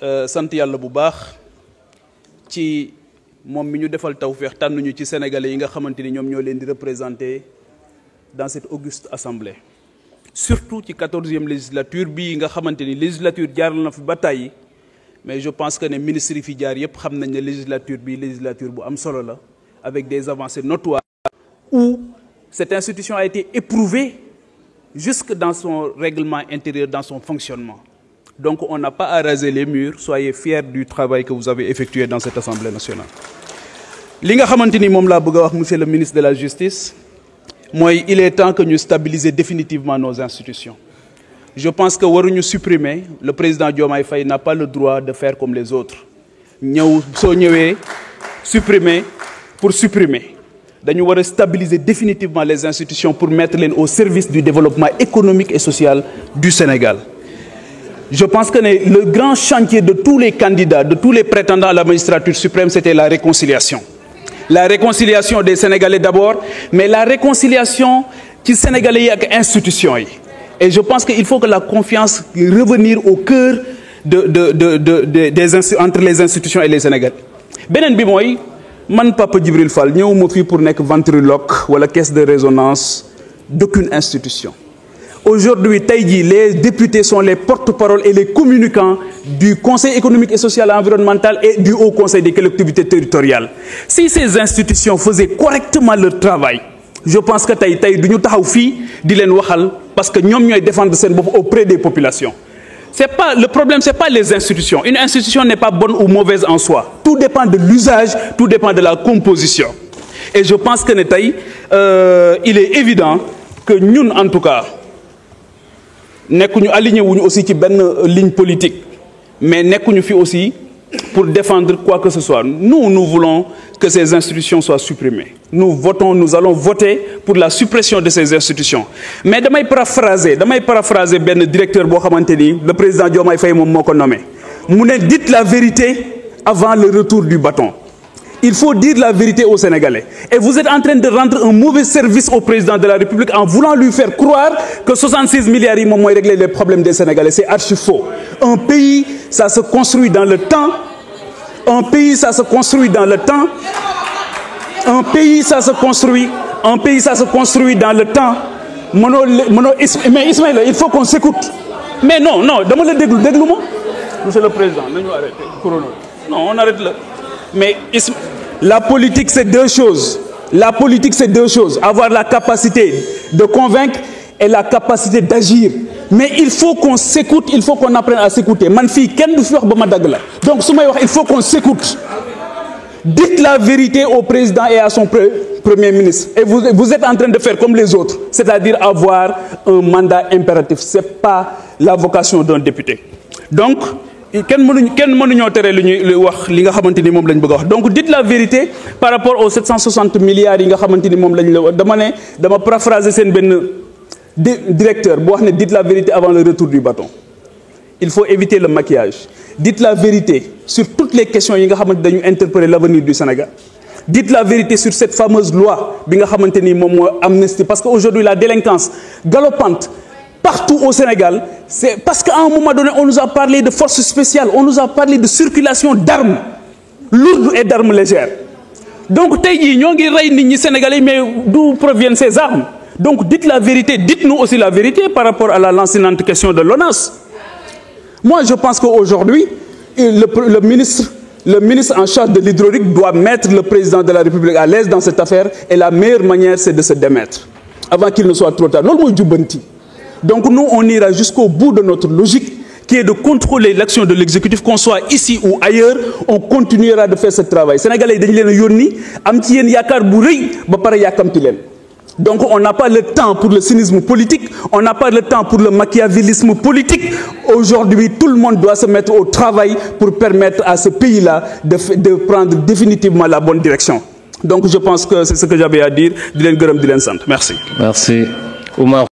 Euh, sant yalla bu baax ci mom mi ñu defal tan ñu ci sénégalais yi nga xamanteni dans cette auguste assemblée. surtout ci quatorzième législature bi nga xamanteni législature jaar na fi mais je pense que les ministre de fi jaar xam législature bi législature avec des avancées notoires. où cette institution a été éprouvée jusque dans son règlement intérieur dans son fonctionnement. Donc on n'a pas à raser les murs, soyez fiers du travail que vous avez effectué dans cette Assemblée nationale. Linga nga je veux dire, le ministre de la justice il est temps que nous stabilisions définitivement nos institutions je pense que nous supprimer le président Diomaye Faye n'a pas le droit de faire comme les autres Nous devons supprimer pour supprimer Nous devons stabiliser définitivement les institutions pour mettre les au service du développement économique et social du Sénégal je pense que le grand chantier de tous les candidats, de tous les prétendants à la magistrature suprême, c'était la réconciliation. La réconciliation des Sénégalais d'abord, mais la réconciliation qui Sénégalais avec institutions. Et je pense qu'il faut que la confiance revenir au cœur des, entre les institutions et les Sénégalais. Benen bi moy papa Djibril Fall pour nek ventriloque la caisse de résonance d'aucune institution. Aujourd'hui, les députés sont les porte-parole et les communicants du Conseil économique et social environnemental et du Haut Conseil des collectivités territoriales. Si ces institutions faisaient correctement leur travail, je pense que Taïtaï, nous parce que nous auprès des populations. Pas, le problème, ce n'est pas les institutions. Une institution n'est pas bonne ou mauvaise en soi. Tout dépend de l'usage, tout dépend de la composition. Et je pense que euh, il est évident que nous, en tout cas, nous aligné aligner aussi ci lignes ligne politique mais nous fi aussi pour défendre quoi que ce soit nous nous voulons que ces institutions soient supprimées nous votons nous allons voter pour la suppression de ces institutions mais damay paraphraser vais paraphraser le directeur Bokhamanteni, le président Diomaye Faye mon dites la vérité avant le retour du bâton il faut dire la vérité aux Sénégalais. Et vous êtes en train de rendre un mauvais service au président de la République en voulant lui faire croire que 66 milliards de m'ont réglé les problèmes des Sénégalais. C'est archi faux. Un pays, ça se construit dans le temps. Un pays, ça se construit dans le temps. Un pays, ça se construit. Un pays, ça se construit dans le temps. mais Ismaël, il faut qu'on s'écoute. Mais non, non, demandez-le, Monsieur le Président, nous Non, on arrête là. Mais la politique, c'est deux choses. La politique, c'est deux choses. Avoir la capacité de convaincre et la capacité d'agir. Mais il faut qu'on s'écoute, il faut qu'on apprenne à s'écouter. Donc, il faut qu'on s'écoute. Dites la vérité au président et à son premier ministre. Et vous, vous êtes en train de faire comme les autres, c'est-à-dire avoir un mandat impératif. Ce n'est pas la vocation d'un député. Donc, quel le donc dites la vérité par rapport aux 760 milliards que nga xamante dire. lañ vous paraphraser directeur dites la vérité avant le retour du bâton il faut éviter le maquillage dites la vérité sur toutes les questions qui ont interpellé l'avenir du Sénégal dites la vérité sur cette fameuse loi bi a parce qu'aujourd'hui, la délinquance galopante partout au Sénégal, c'est parce qu'à un moment donné, on nous a parlé de forces spéciales, on nous a parlé de circulation d'armes, lourdes et d'armes légères. Donc, Sénégalais, mais d'où proviennent ces armes Donc, dites la vérité, dites-nous aussi la vérité par rapport à la lancinante question de l'ONAS. Moi, je pense qu'aujourd'hui, le, ministre le ministre en charge de l'hydraulique doit mettre le président de la République à l'aise dans cette affaire et la meilleure manière, c'est de se démettre avant qu'il ne soit trop tard. Donc nous, on ira jusqu'au bout de notre logique qui est de contrôler l'action de l'exécutif, qu'on soit ici ou ailleurs, on continuera de faire ce travail. Sénégalais, donc on n'a pas le temps pour le cynisme politique, on n'a pas le temps pour le machiavélisme politique. Aujourd'hui, tout le monde doit se mettre au travail pour permettre à ce pays-là de, de, prendre définitivement la bonne direction. Donc je pense que c'est ce que j'avais à dire. Merci. Merci. Omar.